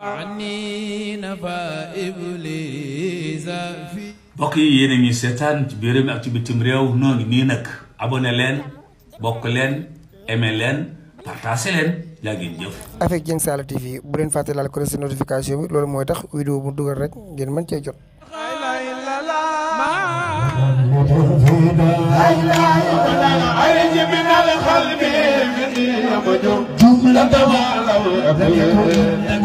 mbokk yi yéen a seetaan ci biir réew mi ak ci réew noo ngi nii nag abonné leen bokk leen aimé leen partagé leen jaa ngeen jëf. avec Dieng Saala TV bu leen fàtte laal ko si notification loolu mooy tax vidéo bu dugal rek ngeen mën cee jot. عرج من القلب يبدو جملة ولو لم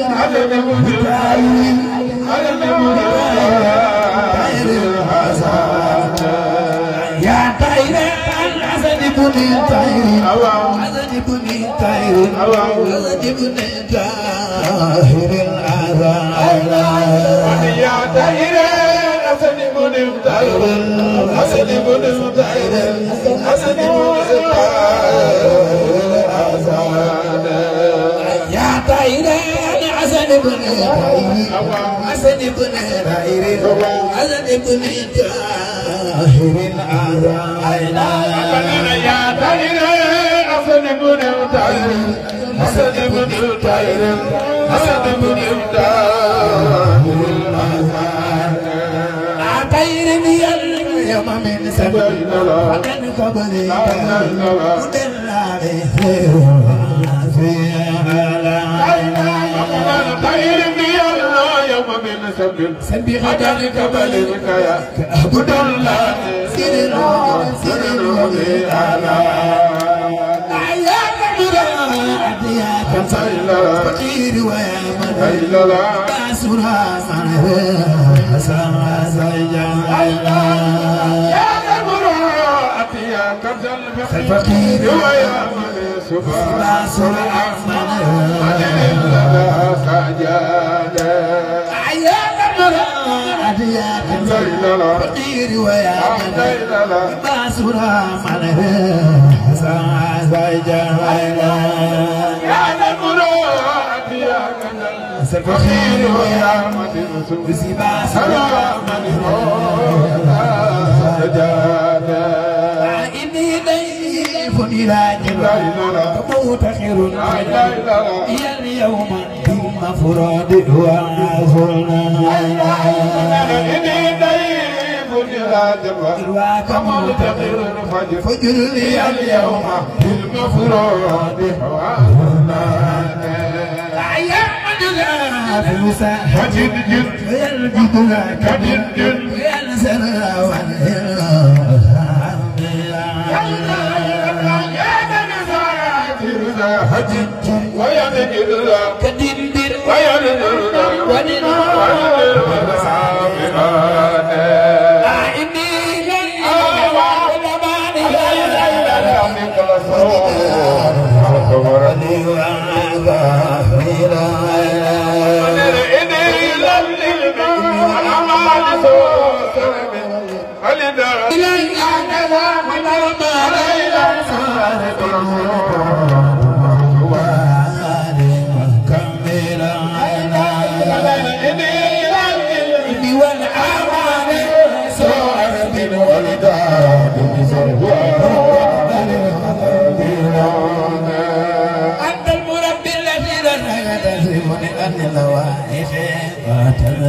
بالتعليم طير الحسن يا طير الحسن بني طير حسن بني طير حسن بني طاهر العذاب يا طير حسن بني طير حسن بني طير حسن بني طير بني طائر حسن بن طائر حسن بن طاهر أعزائنا يا طائر حسن بن طائر حسن بن طائر حسن بن طاهر أعطيني يوم من سبل وكان قبلي مدلع في سب سب غدا لقبلك يا أعبد الله سر سر على أعياك برا أعياك صلى فقير ويا من أسرى من سرى سيجا يا برا أعياك الفقير ويا من سرى فقير ويا آه، من باسرا من حسن جمالا يا المراد يا فقير ويا من باسرا من حسن جمالا إلى جبل فموتخر إلى اليوم ثم فراد وعافرنا فجر لي اليوم بالمفروض في المساء وجد جد يلجد لك جد جد يلزم ويا ذكر الله كدندر ويا ذكر الله ونور I'm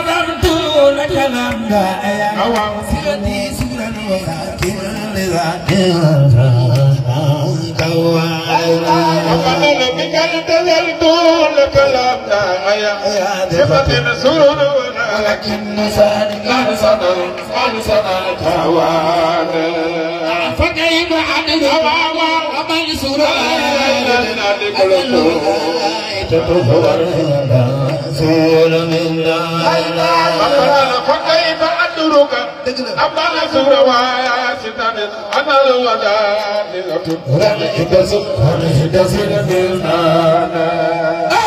ظلمت لك الأمداء وأغفرتي سرا وساكنا لذاك وقبل بك انتظرت لك الأمداء يا ثقة سرور ولكن سألك قد صدر قد صدر توانا فكيف عن الهوى ومن سرى أجل تتفور رسول الله فكيف أدرك أما رسول واسد أنا الوداد رحمة سبحانه رحمة سبحانه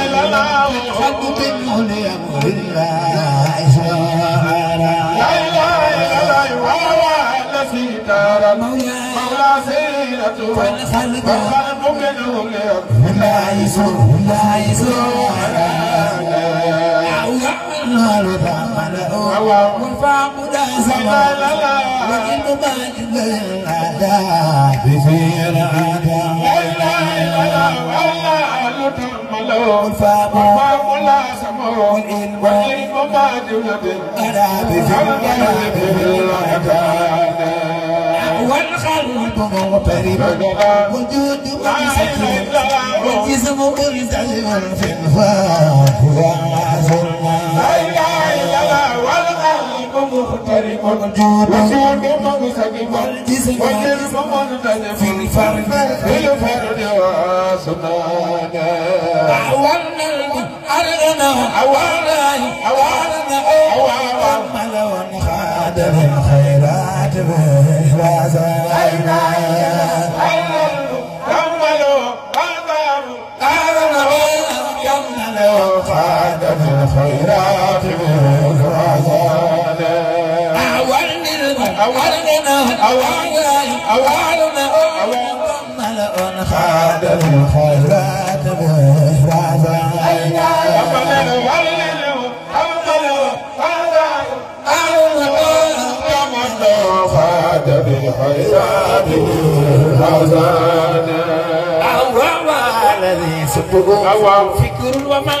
بفعل عدا لا اله الا الله الملوك وما ملازمه وإن ما جلد أنا بذنب الوحدان والخلق مغترب وجود مسكين والجسم ملتزم في الفاق وعزلنا لا اله الا الله والقلب مغترب وجود مسكين والجسم ملتزم في الفرد في الفرد وعزلنا أولنا أرنا أولاي أولنا أولاي ملون خادم الخيرات بالباس عيناي خادم الخيرات بالباس أولنا أولاي أولنا أولاي ملون خادم الخيرات فكر ومن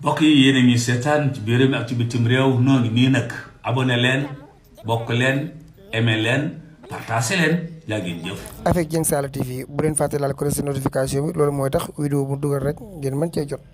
mbokk yi yéen a ngi seetaan ci biir mi ak ci bitim réew noo ngi nii nag abonné leen bokk leen aimé leen partagé leen jaa ngeen jëf. avec Dieng Saala TV bu leen fàtte laal ko si notification loolu mooy tax vidéo bu dugal rek ngeen mën cee jot.